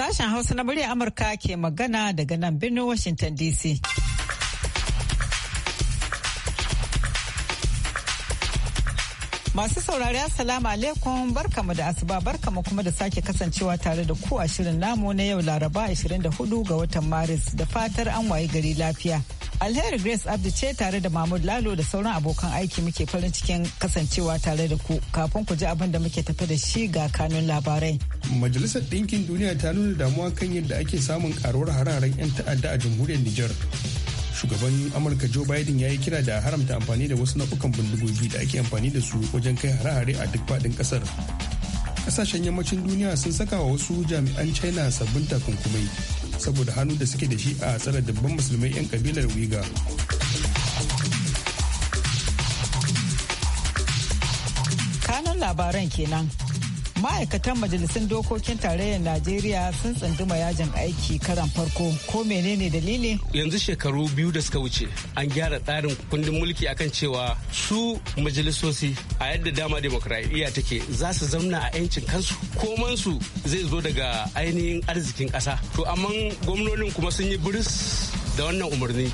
Sashen Hausa na murya Amurka ke magana daga nan birnin Washington DC. Masu saurari Assalamu alaikum barkamu da asuba barkamu kuma da sake kasancewa tare da ku a shirin namu na yau Laraba 24 ga watan Maris da fatar an waye gari lafiya. Alheri Grace Abdu ce tare da Mahmud Lalo da sauran abokan aiki muke farin cikin kasancewa tare da ku kafin ku ji abin da muke tafi da shi ga kanun labarai. Majalisar Ɗinkin Duniya ta nuna damuwa kan yadda ake samun karuwar hararen 'yan ta'adda a jamhuriyar Nijar. Shugaban Amurka Joe Biden ya yi kira da haramta amfani da wasu nau'ukan bindigogi da ake amfani da su wajen kai hare-hare a duk faɗin ƙasar. Ƙasashen yammacin duniya sun saka wa wasu jami'an China sabbin takunkumai saboda hannu da suke da shi a tsare dabban musulmai 'yan kabilar wiga kanan labaran kenan ma'aikatan majalisun dokokin tarayyar najeriya sun tsunduma yajin aiki karan farko ko menene dalili yanzu shekaru biyu da suka wuce an gyara tsarin kundin mulki akan cewa su majalisosi a yadda dama demokradiyya take za su zamna a 'yancin kansu komansu zai zo daga ainihin arzikin ƙasa to amma gwamnonin kuma sun yi buris da wannan umarni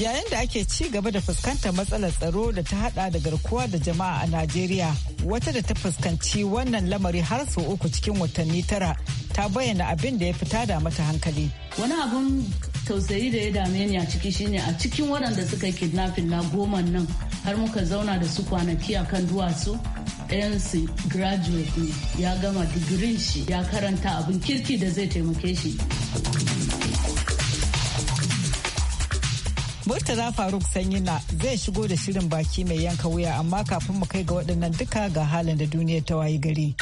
yayin da ake ci gaba da fuskantar matsalar tsaro da ta hada da garkuwa da jama'a a najeriya wata da ta fuskanci wannan lamari har sau uku cikin watanni tara ta bayyana abin da ya fita da mata hankali wani abun tausayi da ya dame ni a ciki shine a cikin waɗanda suka kidnapping na goma nan har muka zauna da su kwanaki a kan duwatsu ɗayansu graduate ne ya gama digirin shi ya karanta abin kirki da zai taimake shi Murtala Faruk Sanyina zai shigo da shirin baki mai yanka wuya amma kafin mu kai ga waɗannan duka ga halin da duniya ta wayi gari.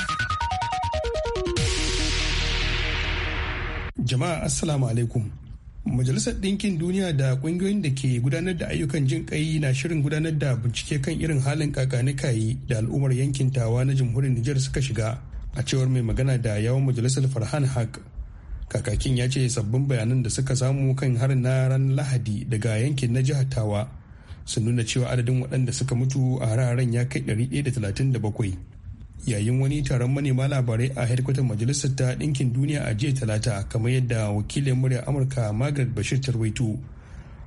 Jama'a Assalamu alaikum. Majalisar Ɗinkin Duniya da ƙungiyoyin da ke gudanar da ayyukan jin ƙai na shirin gudanar da bincike kan irin halin kakanikayi da al'ummar yankin tawa na jamhuriyar Nijar suka shiga a cewar mai magana da yawon majalisar Farhan Haq. kakakin ya ce sabbin bayanan da suka samu kan harin na ranar lahadi daga yankin na jihar tawa sun nuna cewa adadin waɗanda suka mutu a hararen ya kai 137 yayin wani taron manema labarai a hedkwatar majalisar ta ɗinkin duniya a jiya talata kamar yadda wakilin murya amurka margaret bashir tarwaito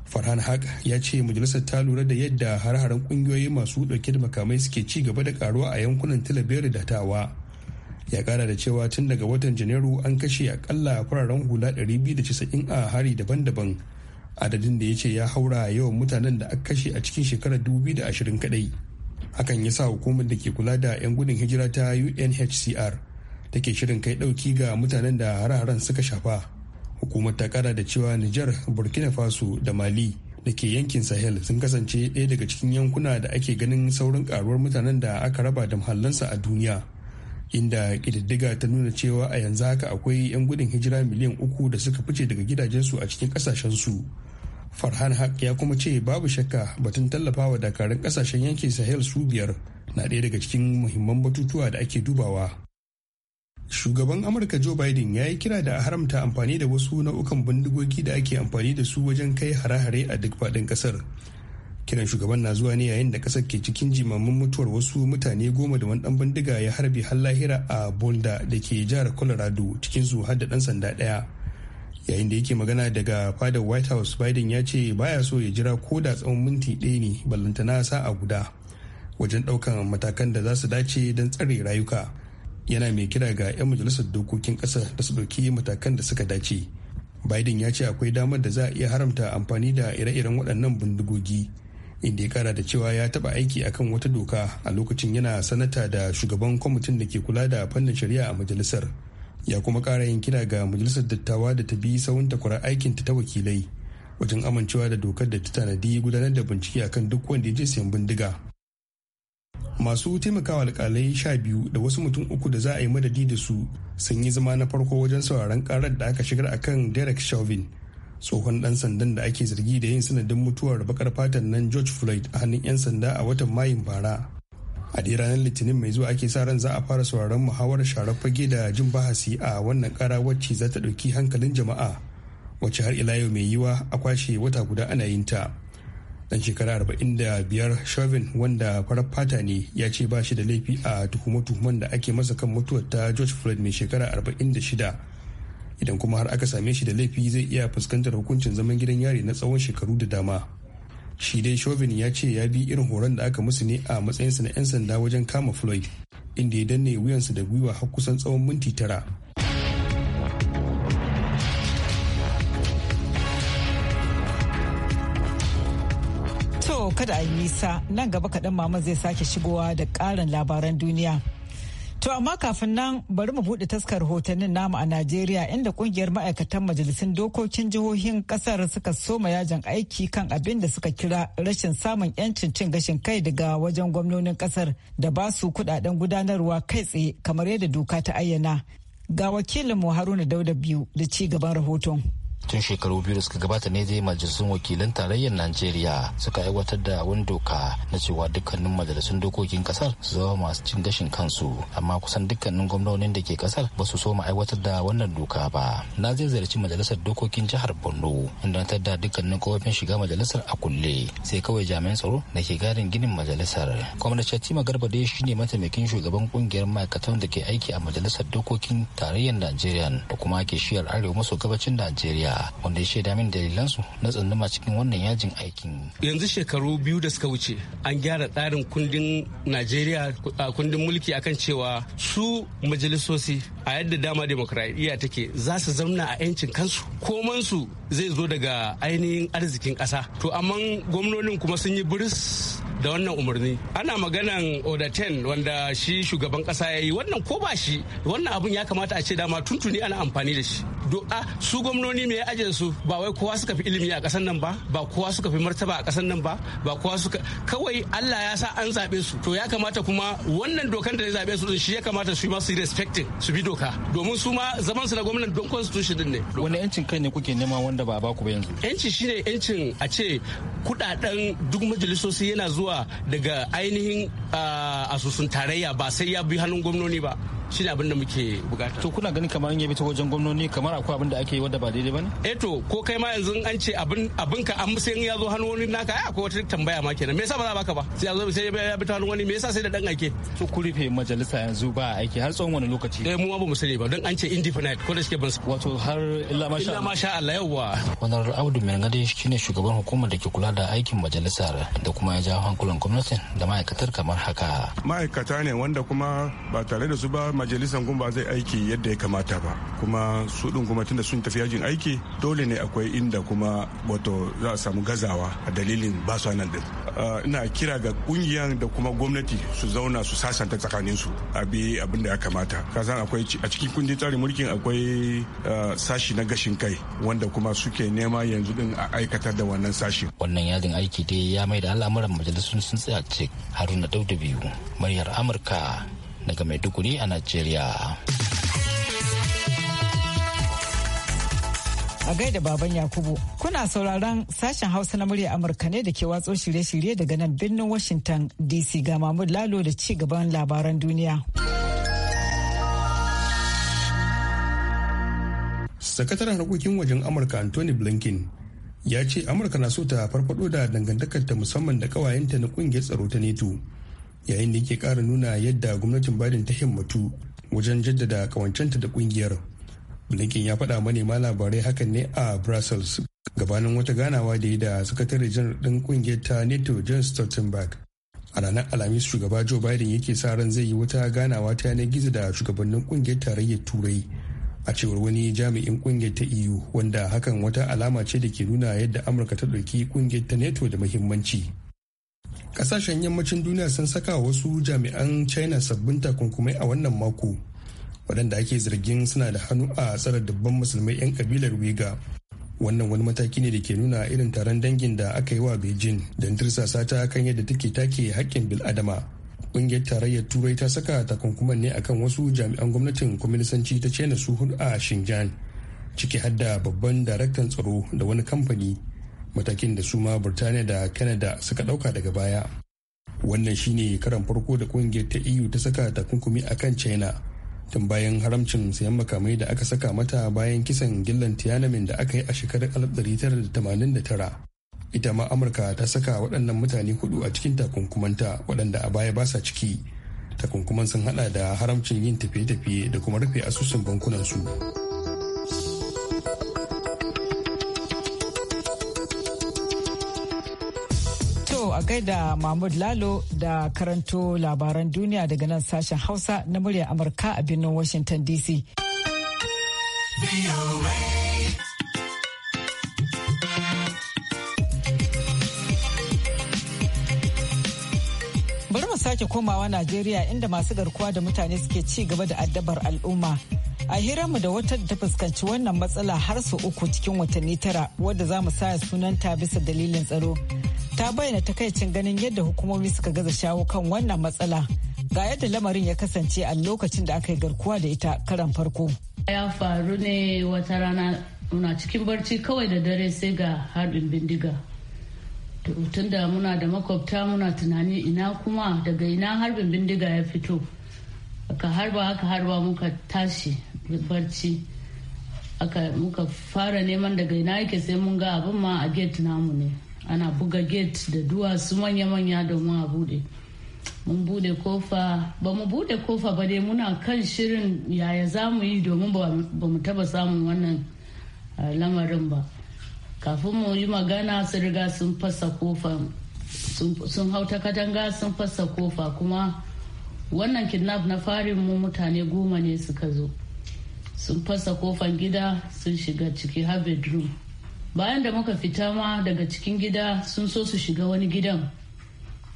farhan haq ya ce majalisar ta lura da yadda har-haren ƙungiyoyi masu ɗauke da makamai suke ci gaba da ƙaruwa a yankunan talabiyar da tawa ya kara da cewa tun daga watan janairu an kashe akalla fararen hula 290 a hari daban-daban adadin da ya ce ya haura yawan mutanen da aka kashe a cikin shekarar 2020 kadai hakan ya sa hukumar da ke kula da 'yan gudun hijira ta unhcr ke shirin kai dauki ga mutanen da hare-haren suka shafa hukumar ta kara da cewa niger burkina faso da mali da ke yankin sahel sun kasance ɗaya daga cikin yankuna da ake ganin saurin karuwar mutanen da aka raba da muhallansa a duniya inda ƙididdiga ta nuna cewa a yanzu haka akwai 'yan gudun hijira miliyan uku da suka fice daga gidajensu a cikin ƙasashensu farhan haq ya kuma ce babu shakka batun tallafa wa dakarun ƙasashen yankin sahel su biyar na ɗaya daga cikin muhimman batutuwa da ake dubawa shugaban amurka joe biden ya yi kira da a haramta amfani da wasu nau'ukan bindigogi da ake amfani da su wajen kai hare-hare a duk faɗin ƙasar kiran shugaban na zuwa ne yayin da kasar ke cikin jimamin mutuwar wasu mutane goma da wani dan bindiga ya harbe har lahira a bolda da ke jihar colorado cikin su har da dan sanda daya yayin da yake magana daga fadar white house biden ya ce baya so ya jira ko da tsawon minti ɗaya ne ballantana sa'a guda wajen ɗaukan matakan da za su dace don tsare rayuka yana mai kira ga 'yan majalisar dokokin kasa da su ɗauki matakan da suka dace biden ya ce akwai damar da za a iya haramta amfani da ire-iren waɗannan bindigogi inda ya kara da cewa ya taba aiki akan wata doka a lokacin yana sanata da shugaban kwamitin da ke kula da fannin shari'a a majalisar ya kuma kara yin kira ga majalisar dattawa da ta bi sawun takwarar aikin ta wakilai wajen amincewa da dokar da ta tanadi gudanar da bincike akan duk wanda ya je sayan bindiga masu taimakawa alkalai sha biyu da wasu mutum uku da za a yi madadi da su sun yi zama na farko wajen sauraron karar da aka shigar akan derek chauvin tsohon dan sandan da ake zargi da yin sanadin mutuwar bakar fatan nan george floyd a hannun 'yan sanda a watan mayun bara a dai ranar litinin mai zuwa ake sa ran za a fara sauraron muhawarar sharar fage da jin bahasi a wannan kara wacce za ta ɗauki hankalin jama'a wacce har ila yau mai yiwa a kwashe wata guda ana yin ta dan shekara biyar chauvin wanda farar fata ne ya ce ba shi da laifi a tuhume-tuhumen da ake masa kan mutuwar ta george floyd mai shekara arba'in da shida. idan kuma har aka same shi da laifi zai iya fuskantar hukuncin zaman gidan yari na tsawon shekaru da dama shi dai chauvin ya ce ya bi irin horon da aka musu ne a matsayinsa na 'yan sanda wajen kama floyd inda ya danne wuyansa da gwiwa har kusan tsawon minti tara to kada a yi nisa nan gaba kaɗan mama zai sake shigowa da ƙarin labaran duniya To amma kafin nan bari mu buɗe taskar hotonin namu a Najeriya inda kungiyar ma'aikatan majalisun dokokin jihohin ƙasar suka soma yajin aiki kan abin da suka kira rashin samun 'yancin cin gashin kai daga wajen gwamnonin ƙasar da ba su kudaden gudanarwa kai tsaye kamar yadda doka ta ayyana. Ga wakilinmu Haruna Dauda biyu da ci gaban rahoton. tun shekaru biyu da suka gabata ne dai majalisun wakilan tarayyar najeriya suka aiwatar da wani doka na cewa dukkanin majalisun dokokin kasar su zama masu cin gashin kansu amma kusan dukkanin gwamnonin da ke kasar ba su so mu aiwatar da wannan doka ba na zai ziyarci majalisar dokokin jihar borno inda ta da dukkanin kofofin shiga majalisar a kulle sai kawai jami'an tsaro da ke gadin ginin majalisar gwamnati garba dai shine mataimakin shugaban kungiyar ma'aikatan da ke aiki a majalisar dokokin tarayyar najeriya da kuma ke shiyar arewa maso gabacin najeriya wanda ya shaida min dalilansu na tsunduma cikin wannan yajin aikin. Yanzu shekaru biyu da suka wuce an gyara tsarin kundin Najeriya kundin mulki akan cewa su majalisosi a yadda dama demokradiyya take za su zamna a 'yancin kansu komansu zai zo daga ainihin arzikin ƙasa. To amma gwamnonin kuma sun yi buris da wannan umarni ana maganan 10 wanda shi shugaban kasa ya yi wannan ko ba shi wannan abun ya kamata a ce dama tuntuni ana amfani da shi a su gwamnoni me ya su ba wai kowa suka fi ilimi a kasan nan ba ba kowa suka fi martaba a kasan nan ba ba kowa suka kawai Allah ya sa an zabe su to ya kamata kuma wannan dokan da ya zabe su shi ya kamata su ma su respecting su bi doka domin su ma zaman su na gwamnan don constitution din ne wani yancin kai ne kuke nema wanda ba ba ku ba yanzu yanci shine yancin a ce kudaden duk majalisoci yana zuwa zuwa daga ainihin ah, asusun tarayya ba sai ya bi hannun gwamnoni ba shi ne abin da muke bukata to kuna ganin kamar an yabi ta wajen gwamnoni kamar akwai abin da ake yi wadda ba daidai bane eh to ko kai ma yanzu an ce abin ka an musayin ya zo hannu wani naka ya akwai wata tambaya ma kenan me yasa ba za baka ba sai ya zo sai ya bi ta hannu wani me yasa sai da dan aike to ku rufe majalisa yanzu ba aiki har tsawon wani lokaci eh mu ba mu sani ba don an ce indefinite ko da shike ban wato har illa masha illa masha Allah yawwa. wannan Audu shi ne shugaban hukumar da ke kula da aikin majalisar da kuma ya jawo hankulan gwamnatin da ma'aikatar kamar haka ma'aikata ne wanda kuma ba tare da su ba majalisar ba zai aiki yadda ya kamata ba kuma su din kuma tunda sun tafi yajin aiki dole ne akwai inda kuma wato za a samu gazawa a dalilin ba su nan din ina kira ga kungiyan da kuma gwamnati su zauna su sasanta tsakanin su a bi abin da ya kamata kasan akwai a cikin kundin tsarin mulkin akwai sashi na gashin kai wanda kuma suke nema yanzu din a aikatar da wannan sashi wannan yajin aiki dai ya mai da al'amuran majalisun sun tsaya ce haruna dauda biyu muryar amurka daga Maiduguri a Najeriya. A gaida baban Yakubu, kuna sauraron sashen Hausa na murya Amurka ne da ke watso shirye-shirye daga nan birnin Washington DC ga Mahmud Lalo da ci gaban labaran duniya. Sakataren harkokin wajen Amurka Anthony Blinken ya ce Amurka na so ta farfado da dangantakarta musamman da kawayenta na kungiyar tsaro ta NATO. yayin da yake kara nuna yadda gwamnatin Biden ta himmatu wajen jaddada kawancenta da kungiyar. Blinken ya faɗa manema labarai hakan ne a Brussels gabanin wata ganawa da yi da sakatare janar ɗin kungiyar ta NATO John Stoltenberg. A ranar Alhamis shugaba Joe Biden yake sa ran zai yi wata ganawa ta yanar gizo da shugabannin kungiyar tarayyar Turai. a cewar wani jami'in kungiyar ta EU wanda hakan wata alama ce da ke nuna yadda Amurka ta ɗauki kungiyar ta NATO da muhimmanci. kasashen yammacin duniya sun saka wasu jami'an china sabbin takunkumai a wannan mako waɗanda ake zargin suna da hannu a tsara dubban musulmai 'yan kabilar wiga wannan wani mataki ne da ke nuna irin taron dangin da aka yi wa beijing don tirsasa ta kan yadda take take haƙƙin bil'adama ƙungiyar tarayyar turai ta saka takunkuman ne akan wasu jami'an gwamnatin kwaminisanci ta china su hudu a xinjiang ciki hadda babban daraktan tsaro da wani kamfani matakin da suma ma burtaniya da canada suka ɗauka daga baya wannan shine karan farko da kungiyar ta eu ta saka takunkumi a kan china tun bayan haramcin sayan makamai da aka saka mata bayan kisan gillan tiananmen da aka yi a shekarar 1989 ita ma amurka ta saka waɗannan mutane hudu a cikin takunkumanta waɗanda a baya ba sa ciki takunkuman sun hada da haramcin yin tafiye-tafiye da kuma rufe asusun bankunansu. su yau a gaida Mahmud Lalo da karanto labaran duniya daga nan sashen Hausa na muryar Amurka a birnin Washington DC. Bari mu sake komawa Najeriya inda masu garkuwa da mutane suke ci gaba da addabar al'umma. a mu da wata da ta fuskanci wannan matsala har su uku cikin watanni tara wadda za mu saya sunanta bisa dalilin tsaro ta bayyana takaicin ganin yadda hukumomi suka gaza shawo kan wannan matsala ga yadda lamarin ya kasance a lokacin da aka yi garkuwa da ita karan farko. ya faru ne wata rana muna cikin barci kawai da dare sai ga harbin bindiga tun da muna da makwabta muna tunani ina kuma daga ina harbin bindiga ya fito aka harba aka harba muka tashi barci aka muka fara neman daga ina yake sai mun ga abin ma a get namu ne ana buga gate da duwatsu manya-manya domin a bude mun bude kofa ba mu bude kofa ba dai muna kan shirin yaya za mu yi domin ba mu taba samun wannan lamarin ba kafin mu yi magana sun riga sun fasa kofa sun hau katanga sun fasa kofa kuma wannan kidnap na farin mu mutane goma ne suka zo sun fasa kofan gida sun shiga ciki har bedroom bayan da muka fita ma daga cikin gida sun so su shiga wani gidan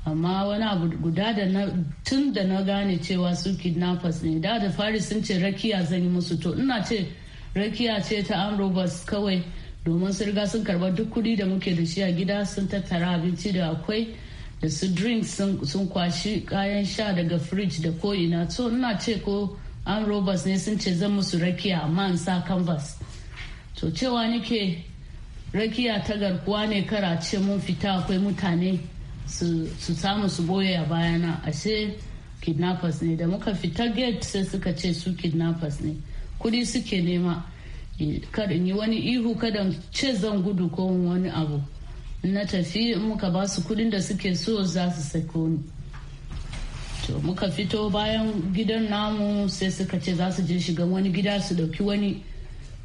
amma wani abu guda da na tun da na gane cewa su kidnappers ne da da fari sun ce rakiya zan yi musu to ina ce rakiya ce ta an robas kawai domin sun riga sun karba duk kudi da muke da shi a gida sun tattara abinci da akwai da su drinks sun kwashi kayan sha daga fridge da ko ina to ina ce ko an robas ne sun ce zan musu rakiya amma in sa canvas to cewa nike rakiya ta garkuwa ne kara ce mun fita akwai mutane su samu su boye a bayana ashe kidnappers ne da muka fita gate sai suka ce su kidnappers ne kudi suke nema kar in yi wani ihu kada ce zan gudu ko wani abu na tafi muka ba su kudin da suke so za su sako ni to muka fito bayan gidan namu sai suka ce za su je shiga wani gida su dauki wani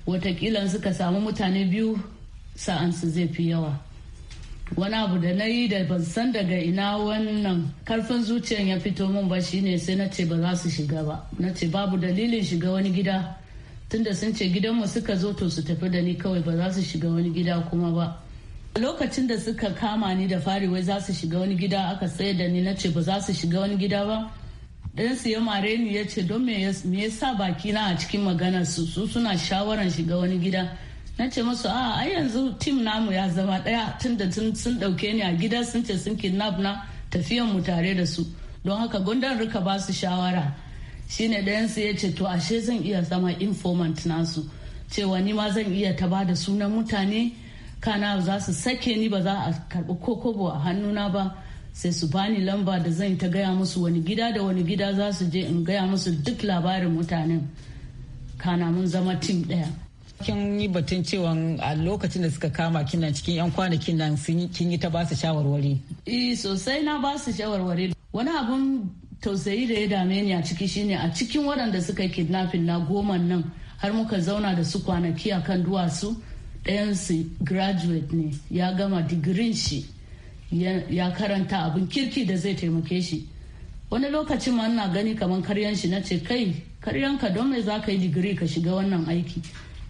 watakila suka samu mutane biyu sa'an su zai fi yawa wani abu da na yi da ban san daga ina wannan karfin zuciyan ya fito min ba shine sai na ce ba za su shiga ba na ce babu dalilin shiga wani gida tunda sun ce gidanmu suka zo to su tafi da ni kawai ba za su shiga wani gida kuma ba lokacin da suka kama ni da fari wai za su shiga wani gida aka sai da ni na ce ba za su shiga wani gida ba dan su ya mare ni ya ce don me yasa baki na a cikin maganar su su suna shawaran shiga wani gida na ce masu a ah, ai yanzu tim namu ya zama daya tun da sun dauke ni a gida sun ce sun kidnap na tafiyan mu tare da su don haka gundan rika ba su shawara shine dayan su ya ce to ashe zan iya zama informant nasu cewa ni ma zan iya ta ba da sunan mutane kana za su sake ni ba za a karbi kokobo a hannuna ba sai su bani lamba da zan ta gaya musu wani gida da wani gida za su je in gaya musu duk labarin mutanen kana mun zama tim daya kin yi batun cewa a lokacin da suka kama kinan cikin yan kwanakin nan kin yi ta ba su shawarwari E, sosai na ba su shawarwari wani abun tausayi da ya dame ni a ciki shine a cikin waɗanda suka yi kidnafin na goma nan har muka zauna da su kwanaki a kan duwatsu su graduate ne ya gama digirin shi ya karanta abin kirki da zai taimake shi wani lokacin ma ina gani kamar karyan shi na ce kai karyanka don mai za ka yi digiri ka shiga wannan aiki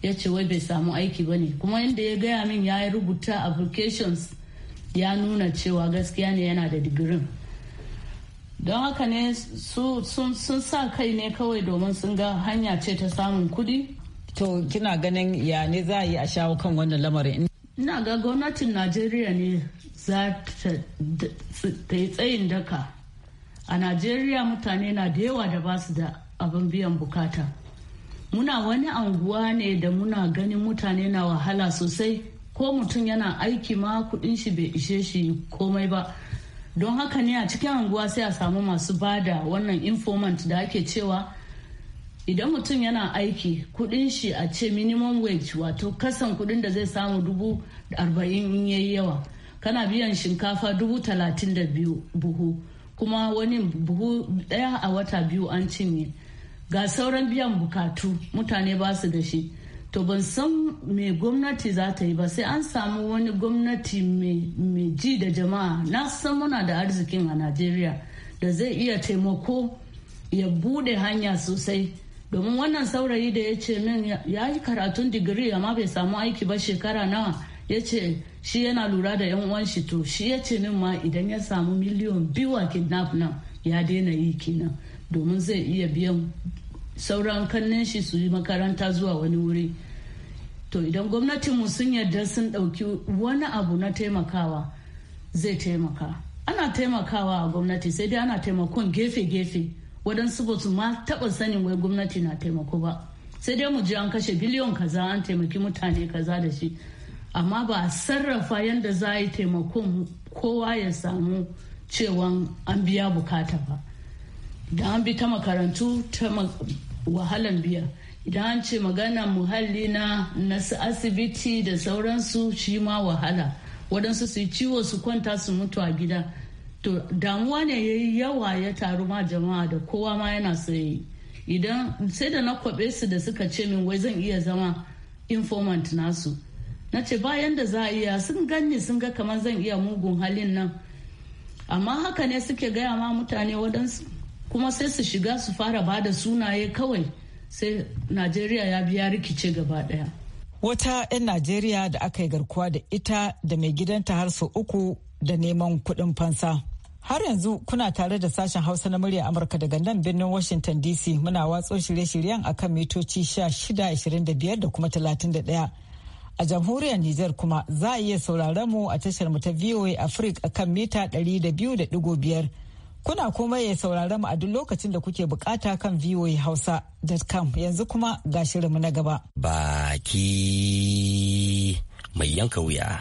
ya ce wai bai samu aiki ba ne kuma inda ya gaya min ya yi rubuta applications ya nuna cewa gaskiya ne yana da digirin don haka ne sun sa kai ne kawai domin sun ga hanya ce ta samun kudi to kina ganin ya ne za a yi a shawo kan wannan lamarin ina ga gwamnatin najeriya ne za ta yi tsayin daka a najeriya mutane na da yawa da basu da abin biyan bukata muna wani anguwa ne da muna ganin mutane na wahala sosai ko mutum yana aiki ma kudin shi bai ishe shi komai ba don haka ne a cikin anguwa sai a samu masu bada wannan informant da ake cewa idan mutum yana aiki kudin shi a ce minimum wage wato kasan kudin da zai samu dubu arba'in in yayi yawa kana biyan shinkafa dubu talatin da biyu buhu kuma wani buhu daya a wata biyu an cinye ga sauran biyan bukatu mutane ba su da shi to ban san me gwamnati za ta yi ba sai an samu wani gwamnati mai ji da jama'a na san muna da arzikin a najeriya da zai iya taimako ya bude hanya sosai domin wannan saurayi da ya ce min ya yi karatun digiri amma bai samu aiki ba shekara nawa ya ce shi yana lura da yan uwan shi to shi ya ce min ma idan ya samu miliyon biyu a kidnap nan ya daina yi kenan domin zai iya biyan sauran kannin shi su yi makaranta zuwa wani wuri to idan gwamnatinmu sun yarda sun ɗauki wani abu na taimakawa zai taimaka ana taimakawa a gwamnati sai dai ana taimakon gefe-gefe waɗansu ba su ma taɓa sanin wai gwamnati na taimako ba sai dai mu ji an kashe biliyon kaza an taimaki mutane kaza da shi amma ba a sarrafa yadda za a yi taimakon kowa ya samu cewan an biya bukata ba da an bi ta makarantu ta wahalan biya idan an ce magana muhalli na nasu asibiti da sauransu shi ma wahala waɗansu su yi ciwo su kwanta su mutu a gida to damuwa ne ya yi yawa ya taru ma jama'a da kowa ma yana so idan sai da na kwaɓe su da suka ce min wai zan iya zama informant nasu na ce bayan da za a iya sun ganni sun ga kamar zan iya mugun halin nan amma haka ne suke gaya ma mutane waɗansu kuma sai su shiga su fara ba da sunaye kawai sai najeriya ya biya rikice gaba daya wata 'yan najeriya da aka yi garkuwa da ita da mai gidanta har sau uku da neman kuɗin fansa har yanzu kuna tare da sashen hausa na murya amurka daga nan birnin washington dc muna watso shirye-shiryen akan mitoci 1625 da kuma 31 a jamhuriyar Nijar kuma za a iya sauraron mu a tashar mu ta VOA Africa akan mita 200.5 Kuna kuma ya saurara mu a duk lokacin da kuke bukata kan voahausa.com yanzu kuma ga shirinmu na gaba. Baki mai yanka wuya.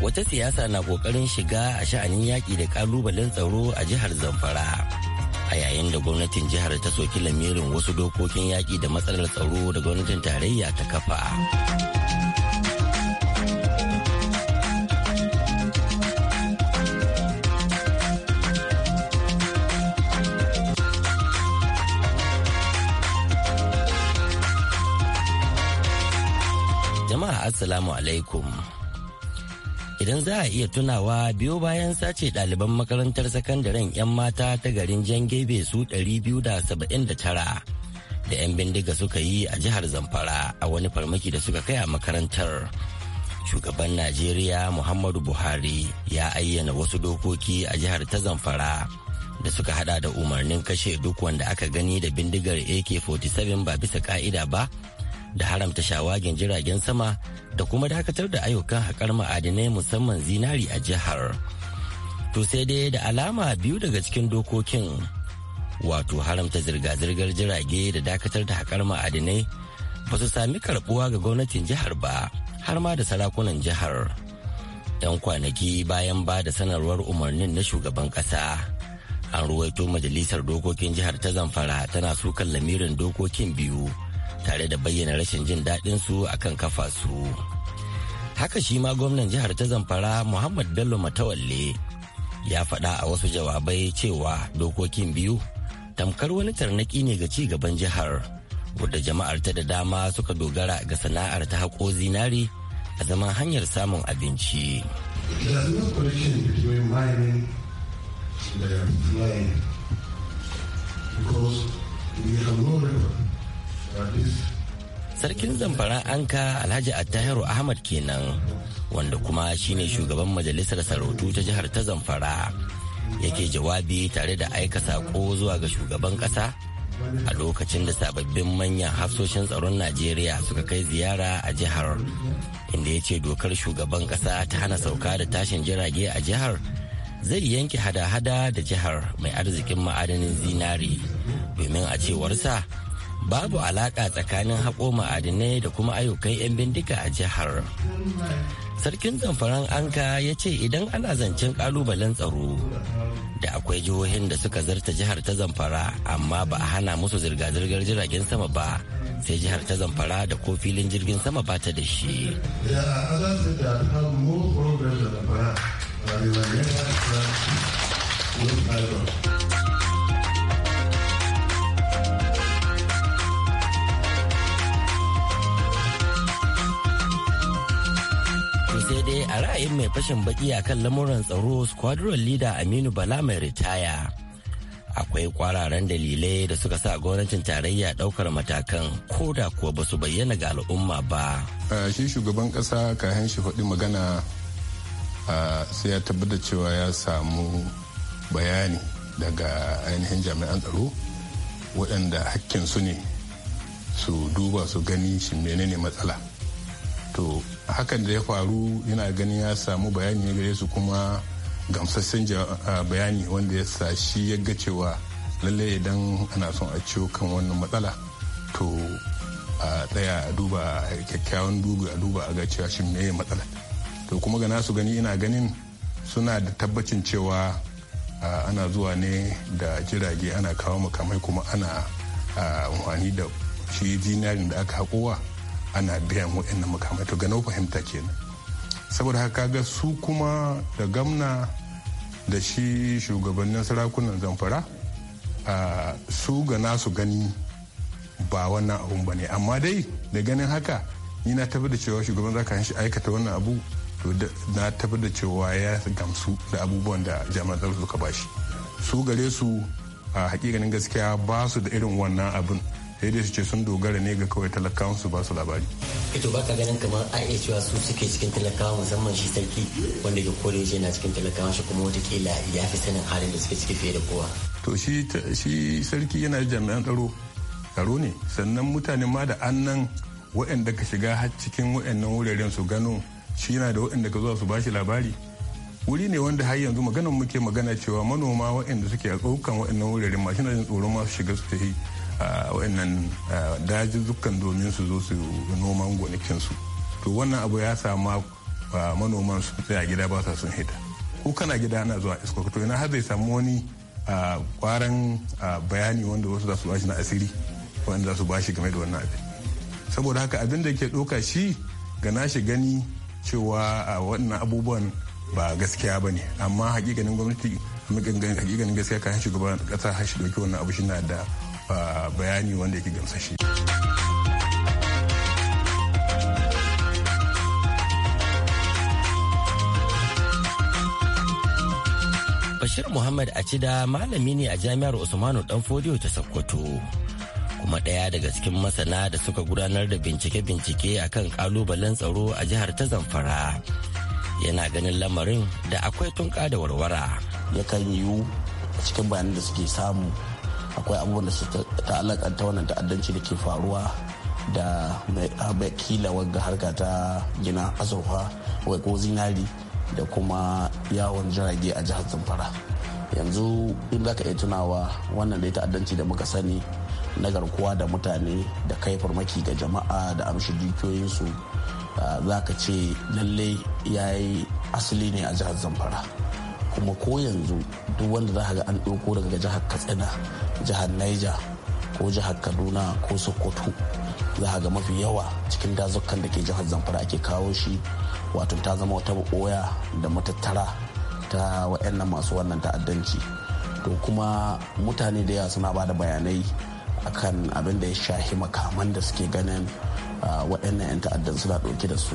Wata siyasa na kokarin shiga a sha'anin yaƙi da ƙalubalen tsaro a jihar Zamfara. A yayin da gwamnatin jihar ta soki lamirin wasu dokokin yaƙi da matsalar tsaro da gwamnatin tarayya ta kafa. Jama'a Assalamu alaikum. Idan za a iya tunawa biyo bayan sace ɗaliban makarantar sakandaren 'yan mata ta garin Jangebe su 279 da 'yan bindiga suka yi a jihar Zamfara a wani farmaki da suka kai a makarantar. Shugaban Najeriya Muhammadu Buhari ya ayyana wasu dokoki a jihar ta Zamfara. da suka hada da umarnin kashe duk wanda aka gani da bindigar AK-47 ba bisa ka'ida ba da haramta shawagin jiragen sama da kuma dakatar da ayyukan haƙar ma'adinai musamman zinari a jihar. To sai dai da alama biyu daga cikin dokokin wato haramta zirga-zirgar jirage da dakatar da haƙar ma'adinai ba su sami karɓuwa ga gwamnatin jihar ba har ma da sarakunan jihar. 'Yan kwanaki bayan ba da sanarwar umarnin na shugaban ƙasa. an ruwaito majalisar dokokin jihar ta zamfara tana sukan lamirin dokokin biyu tare da bayyana rashin jin daɗinsu a kan kafa su haka shi ma gwamnan jihar ta zamfara muhammad bello matawalle ya faɗa a wasu jawabai cewa dokokin biyu tamkar wani tarnaki ne ga ci gaban jihar wadda jama'ar ta da dama suka dogara ga sana'ar ta haƙo zinari a zaman hanyar samun abinci. Because we have no record sarkin zamfara anka alhaji attahiru ahmad kenan wanda kuma shine shugaban majalisar sarautu ta jihar ta zamfara yake jawabi tare da aika sako zuwa ga shugaban kasa a lokacin da sababbin manyan hafsoshin tsaron najeriya suka kai ziyara a jihar inda ya ce dokar shugaban kasa ta hana sauka da tashin jirage a jihar zai yanke hada-hada da jihar mai arzikin ma'adanin zinari domin a cewarsa babu alaƙa tsakanin haƙo ma'adinai da kuma ayyukan 'yan bindiga a jihar. Sarkin zamfaran anka ya ce idan ana zancen ƙalubalen tsaro da akwai jihohin da suka zarta jihar ta zamfara amma ba a hana musu zirga-zirgar jiragen sama ba sai jihar ta zamfara da ko filin jirgin sama ba ta da shi. sai dai a ra'ayin mai fashin baki a kan lamuran tsaro squadron leader aminu bala mai ritaya akwai kwararan dalilai da suka sa gwamnatin tarayya daukar matakan ko da kuwa ba su bayyana ga al'umma ba shi shugaban kasa kayan shi faɗi magana sai ya tabbatar cewa ya samu bayani daga ainihin jami'an tsaro waɗanda hakkin su ne su duba su gani shi menene matsala to hakan da ya faru yana ganin ya samu bayani ya gare su kuma gamsassan bayani wanda ya sa shi ya ga cewa lallai idan ana son a ciwo kan wannan matsala to a tsaya a duba kyakkyawan dubi a duba a ga cewa shi ya matsala to kuma ga nasu gani ina ganin suna da tabbacin cewa ana zuwa ne da jirage ana kawo makamai kuma ana amfani da shi zinarin da aka haƙowa ana biyan waɗannan makamai to ganau fahimta kenan saboda haka ga su kuma da gamna da shi shugabannin sarakunan zamfara su ga nasu gani ba wannan abun ba ne amma dai da ganin haka ni na tafi da cewa shugaban zaka shi aikata wannan abu to na tafi da cewa ya gamsu da abubuwan da jami'an tsaro suka bashi su gare su a hakikanin gaskiya ba su da irin wannan abin sai dai su ce sun dogara ne ga kawai talakawan su ba su labari ito eh baka ganin kamar a su suke cikin talakawa musamman shi sarki wanda ya kore shi na cikin talakawa shi kuma watakila ya fi sanin halin da suke ciki fiye da kowa to shi sarki yana jami'an tsaro tsaro ne sannan mutane ma da annan waɗanda ka shiga har cikin waɗannan wuraren su gano shi yana da waɗanda ka zuwa su bashi labari wuri ne wanda har yanzu maganan muke magana cewa manoma waɗanda suke a tsaukan waɗannan wuraren ma shi na jin tsoron masu shiga su ta yi wa'annan dukkan domin su zo su noman gonakinsu to wannan abu ya sama manoman su tsaya gida ba sa sun hita ko kana gida ana zuwa iska to ina har zai samu wani kwaran bayani wanda wasu za su bashi na asiri wanda za su bashi game da wannan abin saboda haka abin da ke ɗauka shi ga nashi gani cewa a wannan abubuwan ba gaskiya ba ne amma hakikanin gwamnati hakikanin gaskiya kayan shugaban kasa har shi wannan abu shi na da bayani wanda yake gamsashe. Bashir Muhammad Acida malami ne a jami'ar Usmanu Danfodiyo ta Sokoto. kuma ɗaya daga cikin masana da suka gudanar da bincike-bincike a kan ƙalubalen tsaro a jihar ta zamfara yana ganin lamarin da akwai tunka da warwara yakan yiwu a cikin bayanan da suke samu akwai abubuwan da suka wannan ta'addanci da ke faruwa da mai ah, kila wagga harka ta gina azurfa ko zinari da kuma yawon jirage a jihar zamfara yanzu in za ka iya tunawa wannan dai ta'addanci da muka sani na garkuwa da mutane da kai farmaki ga jama'a da amshi dukiyoyinsu ah, za ka ce lallai ya yi asali ne a jihar zamfara kuma ko yanzu duk wanda za ga an ɗauko daga jihar katsina jihar niger ko jihar kaduna ko sokoto za ga mafi yawa cikin dazukan da ke jihar zamfara ake kawo shi wato ta zama wata oya da matattara ta wa'annan masu wannan ta'addanci to kuma mutane da yawa suna bada bayanai akan abin da ya shahi makaman da suke ganin ah, waɗannan 'yan ta'addan suna ɗauke da su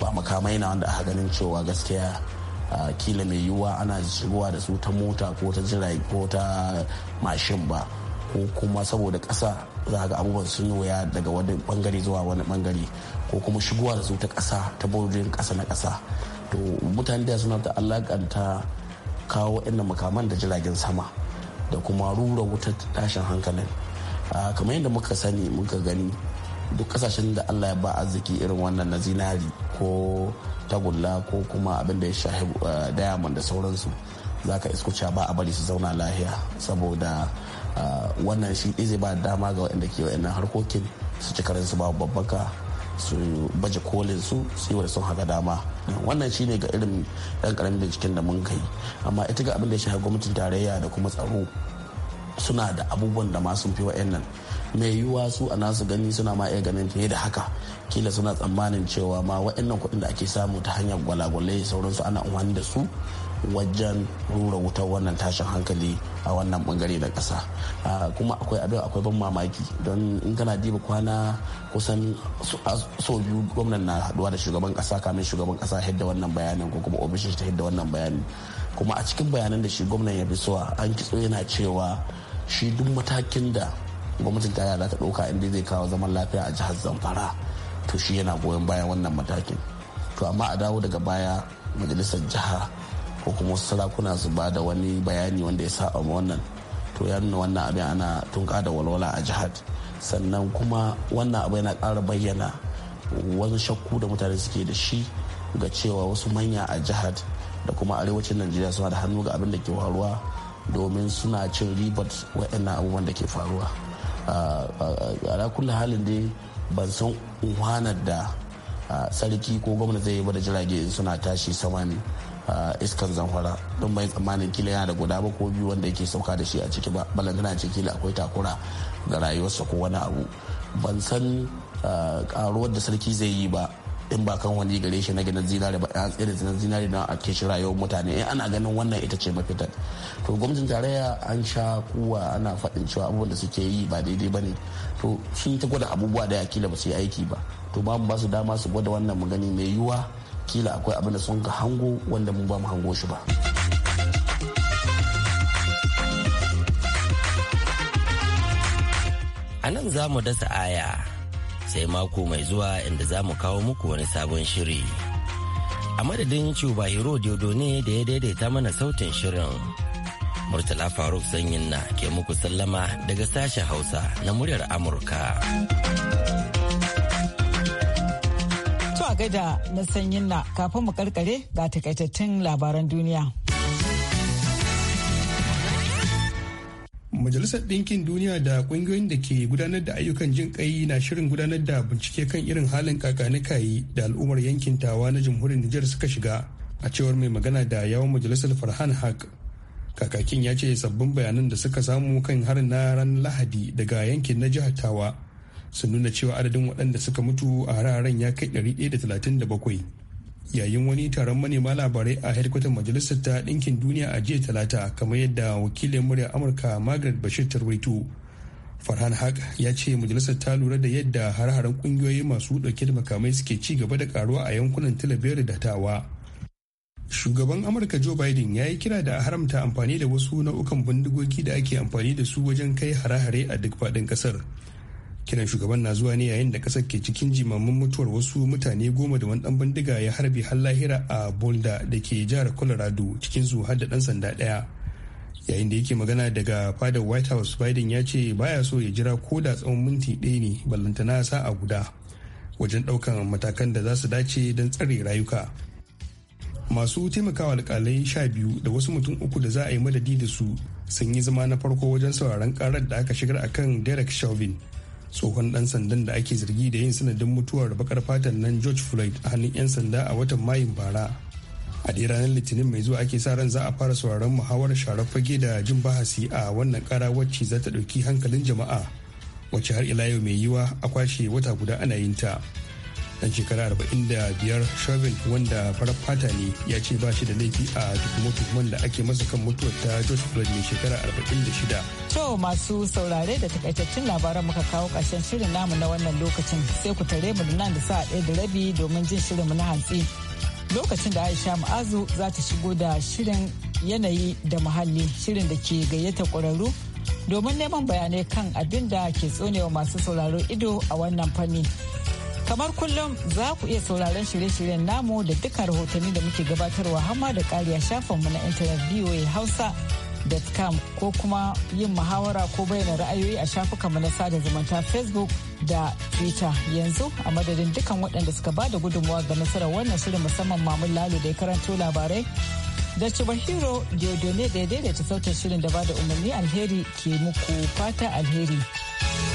ba makamai na wanda aka ganin cewa gaskiya kila mai yiwuwa ana shigowa da su ta mota ko ta jirage ko ta mashin ba ko kuma saboda ƙasa za ga abubuwan sun waya daga wani bangare zuwa wani bangare ko kuma shigowa da su ta ƙasa ta bordin ƙasa na ƙasa to mutane da suna ta alakanta kawo inda makaman da jiragen sama da kuma rura wutar tashin hankalin kamar yadda muka sani muka gani duk kasashen da allah ya ba arziki irin wannan na zinari ko tagulla ko kuma abin da ya shahi eh, diamond da sauransu za ka iskuca ba a bari su zauna lahiya saboda eh, wannan shi zai ba dama ga waɗanda ke wa'annan harkokin su ci su ba babbaka su baje kolin su su yi sun haka dama wannan shi ne ga irin ɗan karamin binciken da mun kai amma ita ga abin da ya shahi gwamnatin tarayya da kuma tsaro suna da abubuwan da ma sun fi wa'annan mai yiwuwa su a nasu gani suna ma iya ganin fiye da haka kila suna tsammanin cewa ma waɗannan kuɗin da ake samu ta hanyar gwalagwalai sauransu ana amfani da su wajen rura wutar wannan tashin hankali a wannan bangare na kasa. kuma akwai abin akwai ban mamaki don in kana diba kwana kusan so biyu gwamnan na haduwa da shugaban kasa kamin shugaban ƙasa hidda wannan bayanin ko kuma obishin ta hidda wannan bayanin kuma a cikin bayanan da shi gwamnan ya fi sowa an kitso yana cewa shi duk matakin da gwamnatin ta za ta ɗauka inda zai kawo zaman lafiya a jihar zamfara to shi yana goyon bayan wannan matakin to amma a dawo daga baya majalisar jiha ko kuma wasu sarakuna su ba da wani bayani wanda ya saba ma wannan to ya nuna wannan abin ana tunka da walwala a jihar sannan kuma wannan abu yana ƙara bayyana wani shakku da mutane suke da shi ga cewa wasu manya a jihar da kuma arewacin najeriya suna da hannu ga abin da ke faruwa domin suna cin ribar waɗannan abubuwan da ke faruwa ala kulle halin dai ban san uhanar da sarki ko gwamnati zai yi ba da jirage in suna tashi saman iskan zamfara don bai tsammanin kila yana da guda ba ko biyu wanda yake sauka da shi a ciki ba balantana ce kila akwai takura ga rayuwarsa ko wani abu ban san karuwar da sarki zai yi ba in ba kan wani gare shi na gidan zinare ba ya tsere na zinare na a ke shi rayuwar mutane in eh, ana ganin wannan ita ce mafitar to gwamnatin tarayya an sha kuwa ana faɗin cewa abubuwan da suke yi ba daidai ba ne to sun ta gwada abubuwa da ya kila ba su yi aiki ba to ba mu ba su dama su gwada wannan mu gani mai yiwuwa kila akwai abin da sun ga hango wanda mun ba mu hango shi ba. A nan za mu dasa aya sai mako mai zuwa inda za mu kawo muku wani sabon shiri. A madadin Cuba Hero ne da ya daidaita mana sautin shirin. Murtala Faruk Sanyin na ke muku sallama daga sashen Hausa na muryar Amurka. Tuwa gada na Sanyin na kafin mu karkare ga takaitattun labaran duniya. majalisar ɗinkin duniya da ƙungiyoyin da ke gudanar da ayyukan jin ƙai na shirin gudanar da bincike kan irin halin kakanikayi da al'ummar yankin tawa na jamhuriyar nijar suka shiga a cewar mai magana da yawon majalisar farhan haq kakakin ya ce sabbin bayanan da suka samu kan harin na ranar lahadi daga yankin na jihar tawa sun nuna cewa adadin waɗanda suka mutu a hararen ya kai 137 yayin wani taron manema labarai a hedkwatar majalisar ta ɗinkin duniya a jiya talata kamar yadda wakilin murya amurka margaret bashir tarwaito farhan haq ya ce majalisar ta lura da yadda har-haren kungiyoyi masu ɗauke da makamai suke ci gaba da karuwa a yankunan talabiyar da tawa shugaban amurka joe biden ya yi kira da a haramta amfani da wasu nau'ukan bindigogi da ake amfani da su wajen kai hare-hare a duk faɗin ƙasar. kiran shugaban na zuwa ne yayin da kasar ke cikin jimamin mutuwar wasu mutane goma da wani dan bindiga ya harbe har lahira a boulder da ke jihar colorado cikin su har da dan sanda daya yayin da yake magana daga fadar white house biden ya ce baya so ya jira ko da tsawon minti ɗaya ne ballantana sa'a guda wajen ɗaukan matakan da za su dace don tsare rayuka masu taimakawa alkalai sha biyu da wasu mutum uku da za a yi madadi da su sun yi zama na farko wajen sauraron karar da aka shigar akan derek chauvin tsohon dan sandan da ake zargi da yin sanadin mutuwar bakar fatan nan george floyd a hannun 'yan sanda a watan mayun bara a dai ranar litinin mai zuwa ake sa ran za a fara sauraron muhawarar sharar fage da jin bahasi a wannan kara wacce za ta ɗauki hankalin jama'a wacce har ila yau mai yiwa a kwashe wata guda ana yin ta dan shekara 45 Chauvin wanda farar fata ne ya ce ba shi da laifi a tuhume da ake masa kan mutuwar ta George Floyd mai shekara 46. To masu saurare da takaitaccen labaran muka kawo karshen shirin namu na wannan lokacin sai ku tare mu nan da sa'a ɗaya da rabi domin jin shirin mu na hantsi. Lokacin da Aisha Ma'azu za ta shigo da shirin yanayi da muhalli shirin da ke gayyata ƙwararru domin neman bayanai kan abin da ke tsonewa masu sauraro ido a wannan fanni. Kamar kullum za ku iya sauraron shirye-shiryen namu da dukkan rahotanni da muke gabatarwa hamma da kariya shafinmu na intanet VOA Hausa. com ko kuma yin muhawara ko bayyana ra'ayoyi a shafukanmu na sada zumunta facebook da twitter yanzu a madadin dukkan waɗanda suka ba da gudunmawa ga nasarar wannan shirin musamman mamun lalo da ya karanto labarai da hero daidai da ta sautin shirin da ba da umarni alheri ke muku fata alheri.